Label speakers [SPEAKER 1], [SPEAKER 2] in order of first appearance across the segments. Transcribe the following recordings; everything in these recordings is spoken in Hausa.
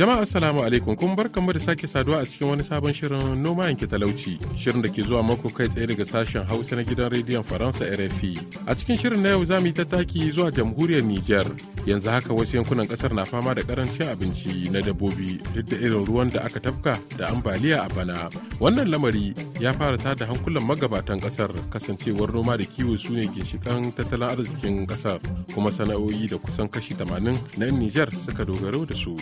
[SPEAKER 1] Jama'a assalamu alaikum kun barkamu da sake saduwa a cikin wani sabon shirin noma yanke talauci shirin da ke zuwa mako kai tsaye daga sashen Hausa na gidan rediyon Faransa RFI. A cikin shirin na yau za mu yi tattaki zuwa jamhuriyar Nijar yanzu haka wasu yankunan kasar na fama da karancin abinci na dabbobi duk da irin ruwan da aka tafka da ambaliya a bana. Wannan lamari ya fara ta da hankulan magabatan kasar kasancewar noma da kiwo su ne ginshikan tattalin arzikin kasar kuma sana'o'i da kusan kashi 80 na Nijar suka dogaro da su.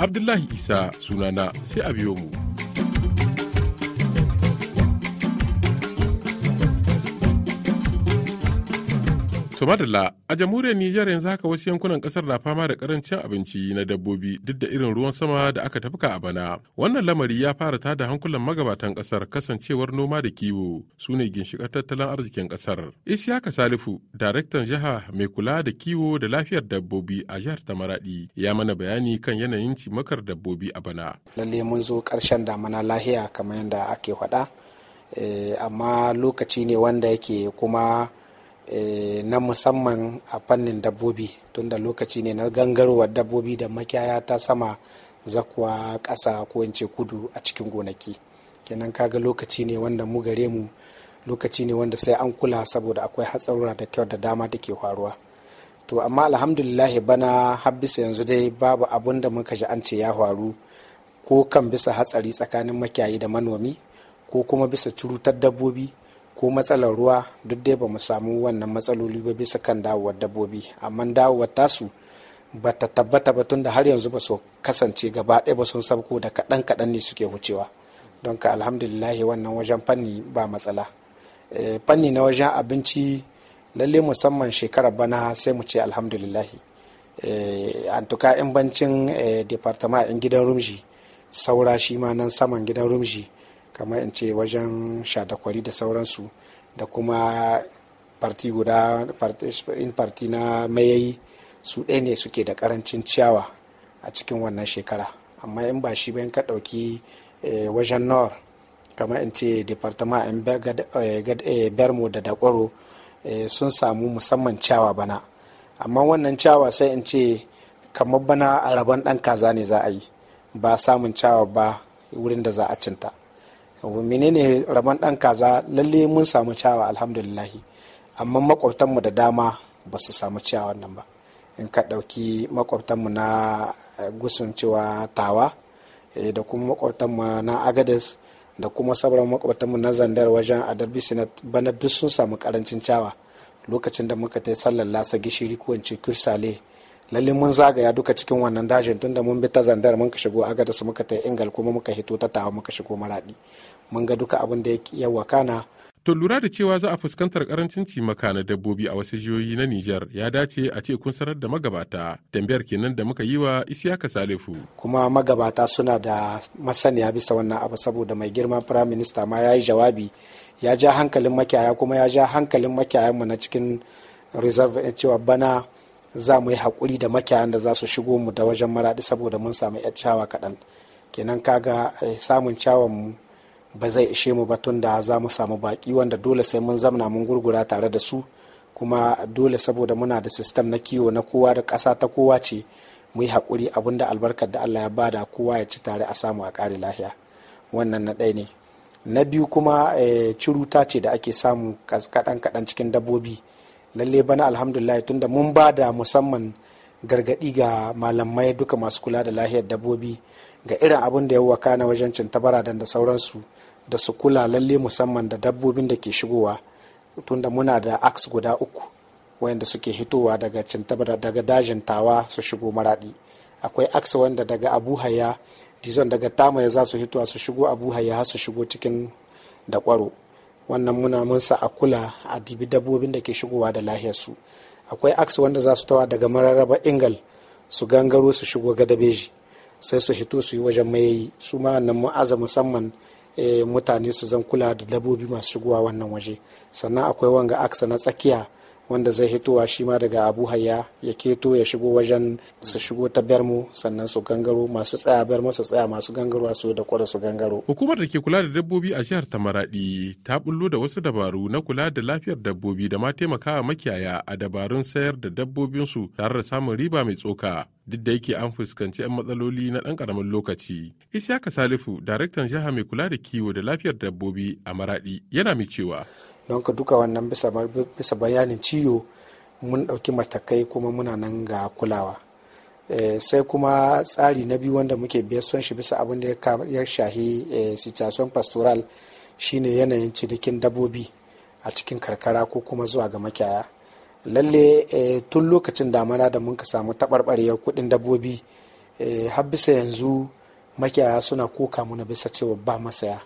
[SPEAKER 1] Abdullahi Isa sunana sai a biyo mu. su madalla a jamhuriyar Nijar yanzu haka wasu yankunan kasar na fama da karancin abinci na dabbobi duk da irin ruwan sama da aka tafka a bana. Wannan lamari ya fara ta da hankulan magabatan kasar kasancewar noma da kiwo su ne ginshiƙar tattalin arzikin kasar. Isiyaka Salifu, daraktan jiha mai kula da kiwo da lafiyar dabbobi a jihar Tamaradi ya mana bayani kan yanayin cimakar dabbobi a bana.
[SPEAKER 2] Lalle mun zo ƙarshen damana lahiya kamar yadda ake faɗa. Eh, amma lokaci ne wanda yake kuma Eh, na musamman a fannin dabbobi tunda lokaci ne na gangarwar dabbobi da makiyaya ta sama zakuwa ƙasa ko in ce kudu a cikin gonaki kenan kaga lokaci ne wanda mu gare mu lokaci ne wanda sai an kula saboda akwai hatsarura da kyau da dama da ke faruwa to amma alhamdulillah bana har bisa yanzu dai babu abun da muka ji an ce ya faru ko kan bisa hatsari tsakanin makiyayi da manomi ko kuma bisa curutar dabbobi ko matsalar ruwa duk dai ba mu samu wannan matsaloli ba bisa kan dawowar dabbobi amma dawowar tasu ba ta tabbata ba tun da har yanzu ba su kasance gaba ɗaya ba sun sabko da kaɗan kaɗan ne suke wucewa don ka alhamdulillah wannan wajen fanni ba matsala eh, fanni na wajen abinci lalle musamman shekarar bana sai mu ce alhamdulillahi eh, an tuka in bancin eh, departament gidan rumji saura shi ma nan saman gidan rumji kamar in ce wajen shadakwari da sauransu da kuma farti guda in farti na mayayi su ɗaya ne suke da karancin ciyawa a cikin wannan shekara amma in ba shi bayan ka ɗauki eh, wajen nor kamar in ce departement in eh, eh, bermo da dakwaro sun samu musamman ciyawa bana amma wannan ciyawa sai in ce kamar bana a rabon ɗan kaza ne za a yi ba samun ciyawa ba wurin da za a cinta menene rabon ɗan kaza lalle mun samu ciyawa alhamdulillahi amma mu da dama ba su samu ciyawa nan ba in ka ɗauki makwabtanmu na eh, gusun cewa tawa eh, da kuma makwabtanmu na agades da kuma sauran makwabtanmu na zandar wajen adarbi sinat bana duk sun samu karancin ciyawa lokacin da muka ta sallar lasa gishiri ko in ce kursale lalle mun zagaya duka cikin wannan dajin tunda mun bi ta zandar muka shigo Agades muka ta ingal kuma muka hito ta tawa muka shigo maradi mun ga duka abin da ya wakana
[SPEAKER 1] To lura da cewa za a fuskantar karancin cimaka na dabbobi a wasu jihohi na Nijar ya dace a ce kun sanar da magabata tambayar kenan da muka yi wa Isiyaka Salifu.
[SPEAKER 2] Kuma magabata suna da masaniya bisa wannan abu saboda mai girma Prime Minister ma ya yi jawabi ya ja hankalin makiyaya kuma ya ja hankalin mu na cikin reserve eh, cewa bana za mu yi haƙuri da makiyayan da za su shigo mu da wajen maraɗi saboda mun samu 'yar cawa kaɗan. Kenan kaga eh, samun cawan mu ba zai ishe mu ba tun da za mu samu baki wanda dole sai mun zamna mun gurgura tare da su kuma dole saboda muna da sistem na kiwo na kowa da ƙasa ta kowa ce mu yi haƙuri abinda da albarkar da allah ya bada kowa ya ci tare a samu a ƙare lahiya wannan na ɗaya ne na biyu kuma eh, ciruta ce da ake samu kaɗan kaɗan cikin dabbobi lalle bana alhamdulillah tunda mun ba da musamman gargaɗi ga malamai duka masu kula da lahiyar dabbobi ga irin abin da ya wakana wajen cintabara da sauransu da su kula lalle musamman da dabbobin da ke shigowa tunda muna da ax guda uku wayanda suke hitowa daga cintabara daga dajin tawa su shigo maradi akwai ax wanda daga abu haya dizon daga tamaya za su hitowa su shigo abu haya su shigo cikin da kwaro wannan muna mun sa a kula a dibi dabbobin da ke shigowa da lahiyar su akwai ax wanda za su tawa daga mararraba ingal su gangaro su shigo gadabeji sai su hito su yi wajen mayayi su ma wannan mu'aza musamman Eh, mutane su zan kula da dabbobi masu shigowa wannan waje sannan akwai wanga aksa na tsakiya wanda zai hitowa shi ma daga abu haya ya keto ya shigo wajen su shigo ta bermo sannan su gangaro masu tsaya bermo su tsaya masu gangaro su da kwada su gangaro
[SPEAKER 1] hukumar da ke kula da dabbobi a jihar tamaradi ta bullo da wasu dabaru na kula da lafiyar dabbobi da ma taimakawa makiyaya a dabarun sayar da dabbobinsu tare da samun riba mai tsoka duk da yake an fuskanci 'yan matsaloli na ɗan ƙaramin lokaci. Isiyaka Salifu, daraktan jiha mai kula da kiwo da lafiyar dabbobi a Maraɗi, yana mai cewa.
[SPEAKER 2] Don ka duka wannan bisa bayanin ciwo mun ɗauki matakai kuma muna nan ga kulawa. Eh, sai kuma tsari na biyu wanda muke biyar son shi bisa abin da ya shahi eh, situation pastoral shine yanayin cinikin dabbobi a cikin karkara ko kuma zuwa ga makiyaya. lalle eh, tun lokacin damana da mun ka samu taɓarɓarewar kuɗin dabbobi eh, har bisa yanzu makiyaya suna koka muna bisa cewa ba masaya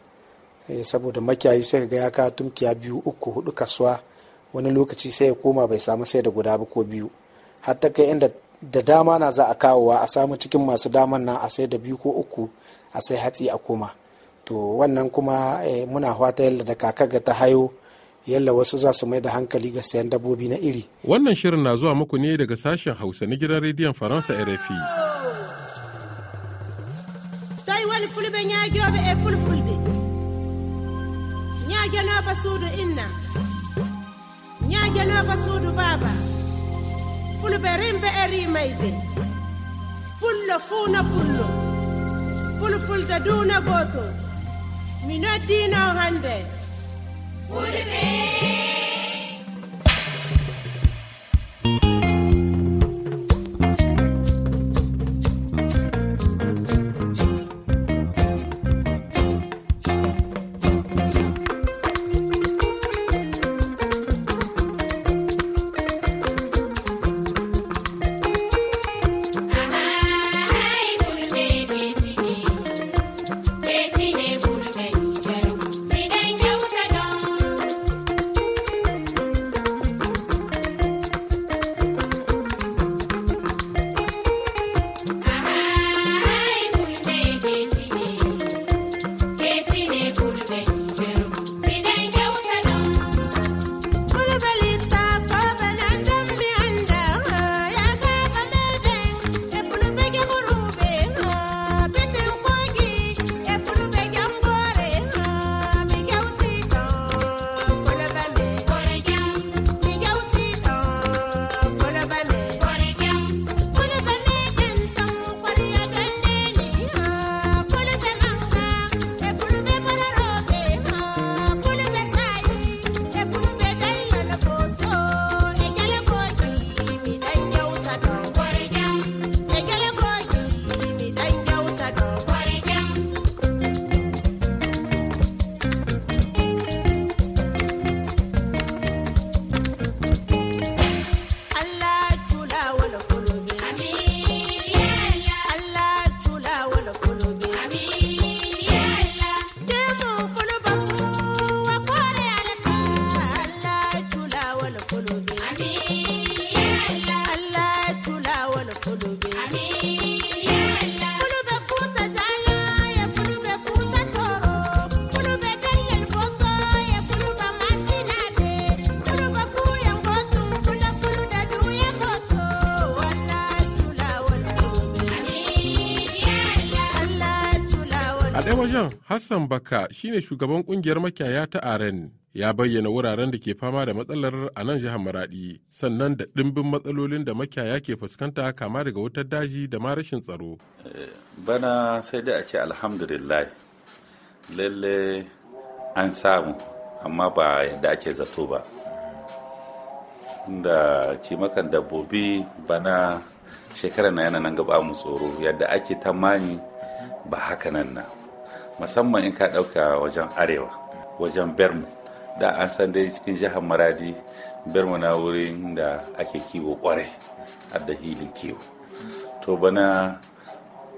[SPEAKER 2] eh, saboda makiyayi sai ga ya kawo tumkiya biyu uku hudu kasuwa wani lokaci sai ya koma bai samu sai da guda ba ko biyu hatta kai inda da dama na za a kawowa a samu cikin masu daman nan a sai da biyu ko uku a sai hatsi a koma to wannan kuma muna fata yadda da kaka ga ta hayo yalla wasu za su mai da hankali ga sayan dabbobi na
[SPEAKER 1] iri. Wannan shirin na zuwa muku ne daga sashen Hausa na gidan rediyon Faransa RFI.
[SPEAKER 2] dai wani fulben ya gyobe e fulfulde. Ya gana ba sudu inna. Ya gana ba sudu baba. Fulberin be eri mai be. Pullo funa pullo. Fulfulda duna goto. Minodina hande. Food
[SPEAKER 1] ɗaya wajen Hassan Baka shine shugaban kungiyar makiyaya ta Aren. Ya bayyana wuraren da ke fama da matsalar a nan jihar Maradi, sannan da ɗimbin matsalolin da makiyaya ke fuskanta kama daga wutar daji da ma rashin tsaro.
[SPEAKER 3] Eh, bana sai dai a ce alhamdulillah lalle an samu amma ba yadda ake zato ba. Da cimakan dabbobi bana shekara na yana nan gaba mu tsoro yadda ake tamani ba haka nan na musamman in ka ɗauka wajen arewa wajen bermu da an san dai cikin jihar maradi bermu na wurin da ake kiwo kwarai da hilin kiwo to bana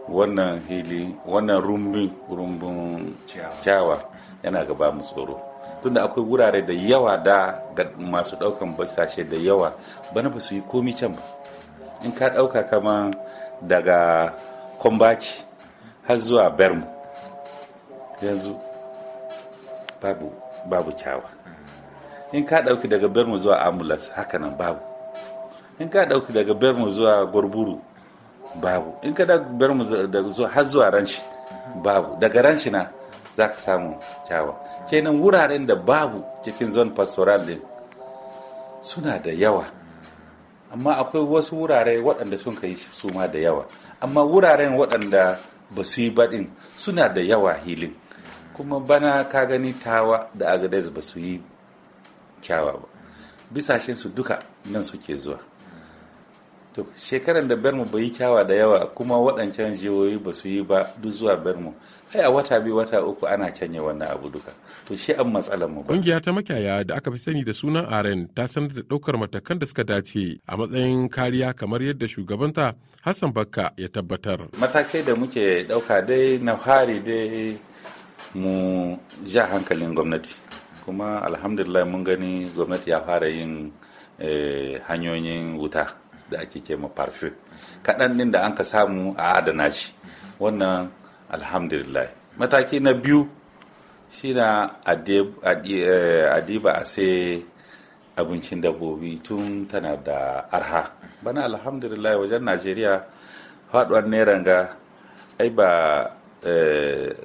[SPEAKER 3] wannan hili wannan rumbin rumbin yana gaba mu tsoro tunda akwai wurare da yawa da masu daukan basashe da yawa bana ba su yi komi can ba in ka ɗauka kama daga kwambaci har zuwa bermu yanzu babu babu kyawa in ka ɗauki daga bermu zuwa amulas hakanan babu in ka ɗauki daga bermu zuwa gorburu babu in ka da bermu zuwa har zuwa ranshi babu daga ranshi na za ka samu kyawa kenan wuraren da babu cikin zon pastoral din suna da yawa amma akwai wasu wurare waɗanda sun kai su ma da yawa amma wuraren waɗanda ba su yi baɗin suna da yawa hilin kuma bana ka gani tawa da agades ba su yi kyawa ba bisashen su duka nan suke zuwa to shekaran da bermu bai yi kyawa da yawa kuma waɗancan jihohi ba su yi ba duk zuwa bermu ai a wata biyu wata uku ana canye wannan abu duka to shi an matsalar mu ba kungiya
[SPEAKER 1] ta makiyaya da aka fi sani da sunan aren ta sanar da ɗaukar matakan da suka dace a matsayin kariya kamar yadda shugabanta hassan bakka ya tabbatar
[SPEAKER 3] matakai da muke ɗauka dai na fari dai mu ja hankalin gwamnati kuma alhamdulillah mun gani gwamnati ya fara yin eh, hanyoyin wuta da ake kema parfum kaɗan ɗin da an ka samu a adana shi wannan alhamdulillah mataki na biyu shi na adiba eh, a sai abincin dabbobi tun tana da arha bana alhamdulillah wajen najeriya faɗuwar neran ga ai ba eh,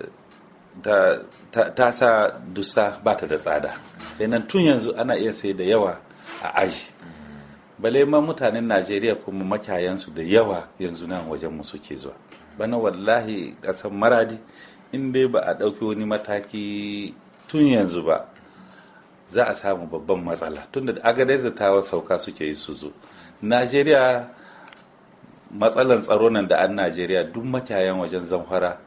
[SPEAKER 3] ta, sa dusa ba ta da tsada kenan tun yanzu ana iya sai da yawa a aji bale ma mutanen najeriya kuma makayansu da yawa yanzu nan wajen mu suke zuwa bana wallahi kasan maradi in dai ba a ɗauki wani mataki tun yanzu ba za a samu babban matsala tunda da agadai da sauka suke yi su zo najeriya matsalan tsaro nan da an najeriya duk makayan wajen zamfara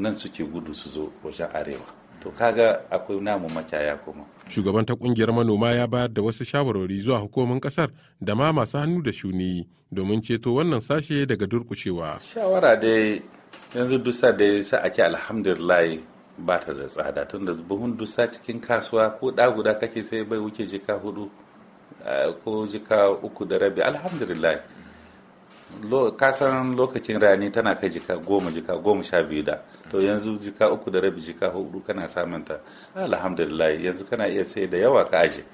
[SPEAKER 3] nan suke gudu su zo wajen arewa to kaga akwai namu macaya kuma
[SPEAKER 1] shugaban ta kungiyar manoma ya bayar da wasu shawarwari zuwa hukumomin kasar da ma masu hannu da shuni domin ceto wannan sashe daga durkushewa
[SPEAKER 3] shawara dai yanzu dusa da sa ake alhamdulillah ba ta da tsada tunda buhun dusa cikin kasuwa ko da guda kake sai bai wuce jika hudu eh, ko jika uku da rabi alhamdulillah kasan lokacin rani tana kai jika goma jika goma sha biyu da to yanzu jika uku da rabi jika hudu kana samunta alhamdulillah yanzu kana iya sai da yawa ka aje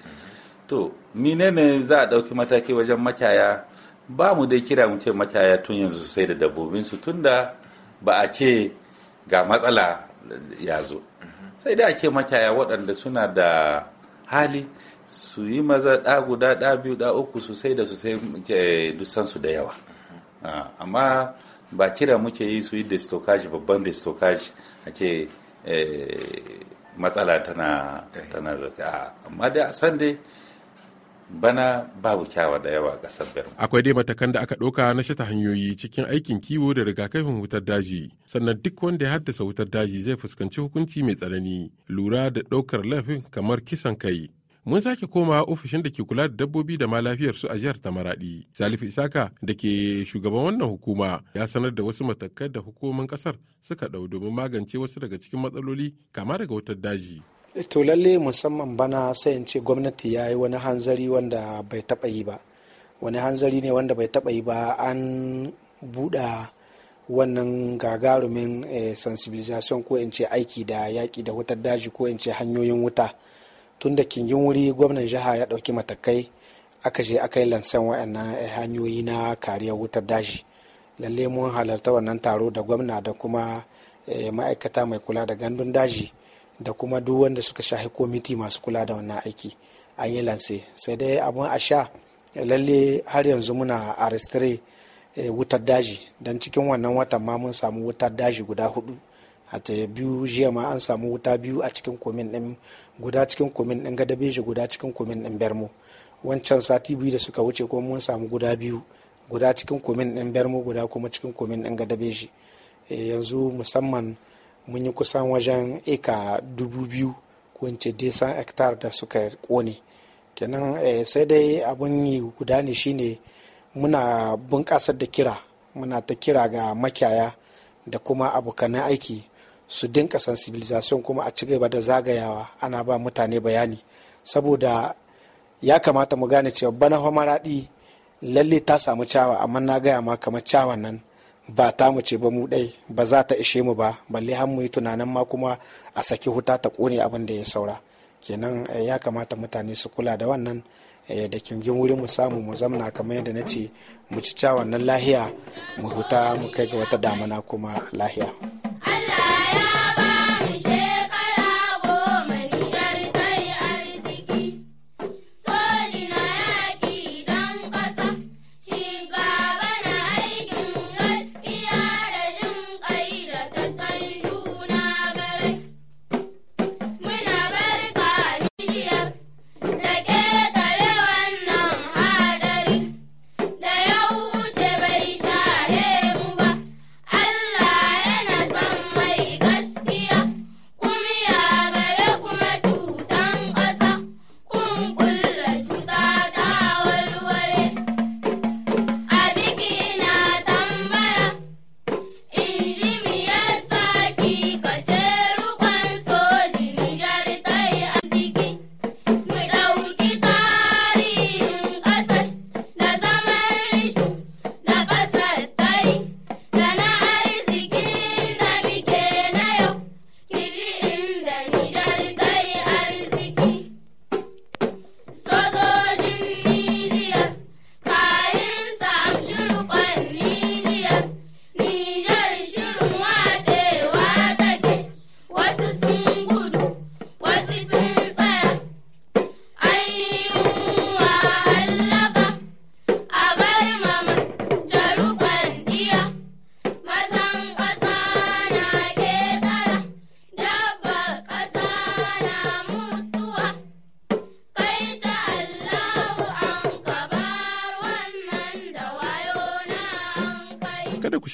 [SPEAKER 3] to menene za a ɗauki mataki wajen mataya ba mu dai kira mu ce mataya tun yanzu su sai da dabbobinsu tun da ba a ce ga matsala ya zo sai da a ce mataya waɗanda suna da hali su yi maza ɗa guda ɗa biyu ɗa uku su sai da su sai eh, dusansu da yawa ah, amma ba kira muke yi su yi da babban da stockage a ce eh, matsala tana tana zaka amma da san dai bana babu kyawa da yawa kasar Bermu.
[SPEAKER 1] Akwai dai matakan da aka ɗauka na shata hanyoyi cikin aikin kiwo da rigakafin wutar daji. Sannan duk wanda ya haddasa wutar daji zai fuskanci hukunci mai tsanani lura da ɗaukar laifin kamar kisan kai. mun sake koma ofishin da ke kula da dabbobi da ma lafiyar su a jihar Tamaradi. Salifu Isaka da ke shugaban wannan hukuma ya sanar da wasu matakai da hukumomin kasar suka ɗau domin magance wasu daga cikin matsaloli kama daga wutar daji.
[SPEAKER 2] To lalle musamman bana sai in ce gwamnati ya yi wani hanzari wanda bai taɓa yi ba. Wani hanzari ne wanda bai taɓa yi ba an buɗa wannan gagarumin eh, sensibilisation ko in ce aiki da yaki da wutar daji ko in ce hanyoyin wuta. tun da kingin wuri gwamnan jiha ya ɗauki matakai aka je aka yi lansan wa'annan eh, hanyoyi na kariyar wutar daji lalle mun halarta wannan taro da gwamna da kuma eh, ma'aikata mai kula da gandun daji da kuma duk wanda suka shahi komiti masu kula da wannan aiki an yi lanse sai dai abun a sha lalle har yanzu muna arestare eh, wutar daji don cikin wannan watan ma mun samu wutar daji guda hudu hata biyu jiya ma an samu wuta biyu a cikin komin din guda cikin komin din gadabeji guda cikin komin din bermo wancan sati biyu da suka wuce kuma mun samu guda biyu guda cikin komin din bermo guda kuma cikin komin din gadabeji eh, yanzu musamman mun yi kusan wajen eka dubu biyu ko desan hektar da suka kone kenan eh, sai dai abun yi guda ne shine muna bunƙasar da kira muna ta kira ga makiyaya da kuma abokanan aiki su dinka sensibilisation kuma a ci gaba da zagayawa ana ba mutane bayani saboda ya kamata mu gane cewa bana maraɗi lalle ta samu cawa amma na gaya ma kamar cawan nan ba ta mu ce ba mu ɗai ba za ta ishe mu ba balle har mu yi tunanin ma kuma a saki huta ta kone abin da ya saura kenan eh, ya kamata mutane su kula da wannan Eh, da kingin wuri mu samu mu zamna kamar yadda na ce mu ci wannan lahiya mu huta mu kai ga wata damana kuma lahiya.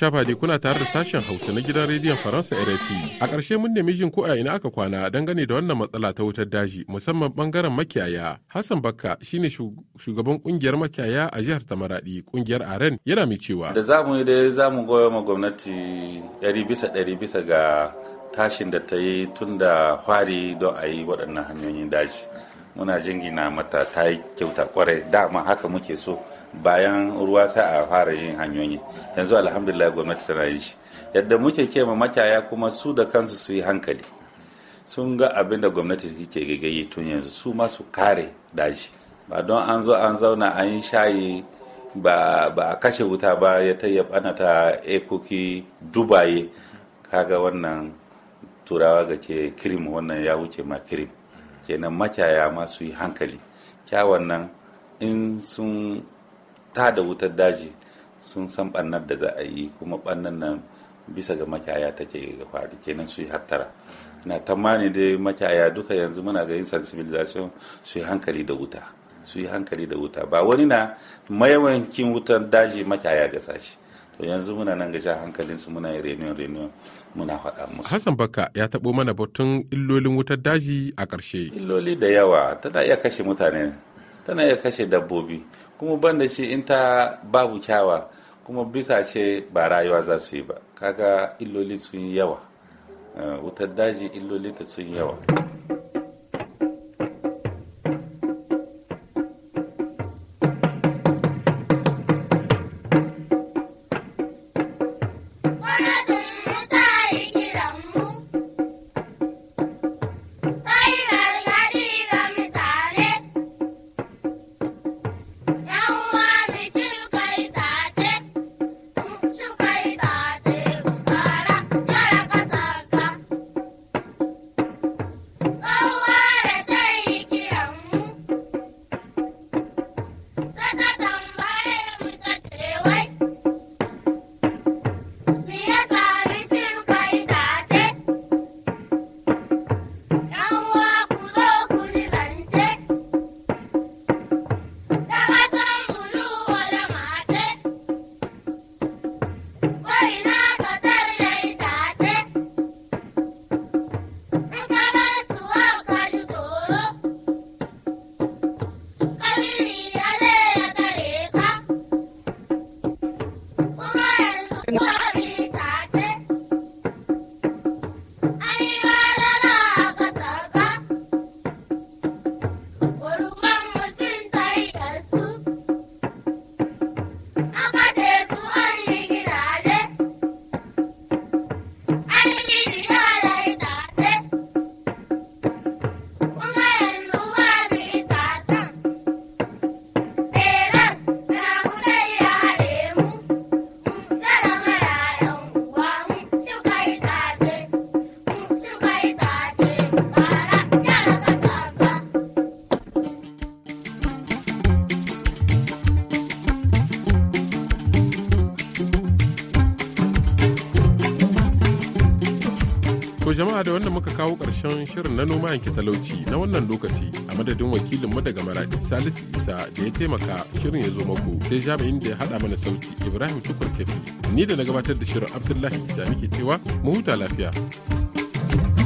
[SPEAKER 1] shafa kuna tare da sashen Hausa na gidan rediyon Faransa RFI. A ƙarshe mun nemi jin ko a ina aka kwana dangane da wannan matsala ta wutar daji musamman bangaren makiyaya. Hassan Bakka shine shugaban kungiyar makiyaya a jihar Tamaradi kungiyar Aren yana mai cewa. Da
[SPEAKER 3] za mu yi dai za mu goya ma gwamnati ɗari bisa ɗari bisa ga tashin da ta yi tun da fari don a yi waɗannan hanyoyin daji. Muna jingina mata ta yi kyauta kwarai dama haka muke so. bayan ruwa sai a fara yin hanyoyi yanzu alhamdulillah gwamnati tana yin shi yadda muke kema makiyaya kuma su da kansu su yi hankali sun ga abin da gwamnati ke gagaye tun yanzu su ma su kare daji ba don an zo an zauna an yi shayi ba a kashe wuta ba ya tayyab ana ta ekoki dubaye kaga wannan turawa ga ke kirim wannan ya wuce ma kirim kenan makiyaya ma su yi hankali kyawan nan in sun ta da wutar daji sun san ɓannar da za a yi kuma ɓannan nan bisa ga makyaya take ga faru kenan su yi hattara na tamani da makyaya duka yanzu muna ga yin sensibilization su yi hankali da wuta su yi hankali da wuta ba wani na mayawankin wutan daji makyaya ga sashi to yanzu muna nan ga hankalin su muna yin reniyon reniyon muna faɗa musu.
[SPEAKER 1] Hassan Bakka ya taɓo mana batun illolin wutar daji a
[SPEAKER 3] ƙarshe. Illoli da yawa tana iya kashe mutane tana iya kashe dabbobi kuma banda shi in ta babu kyawa kuma bisa ce ba rayuwa za su yi ba kaga illoli sun yi yawa eh, wutar daji illolinta sun yawa Bye-bye.
[SPEAKER 1] da wanda muka kawo ƙarshen shirin na noma yanki talauci na wannan lokaci a madadin wakilinmu daga maradi salisu isa da ya taimaka shirin ya zo mako sai jami'in da ya haɗa mana sauti ibrahim tukur kefi ni da na gabatar da shirin abdullahi isa muke cewa mu huta lafiya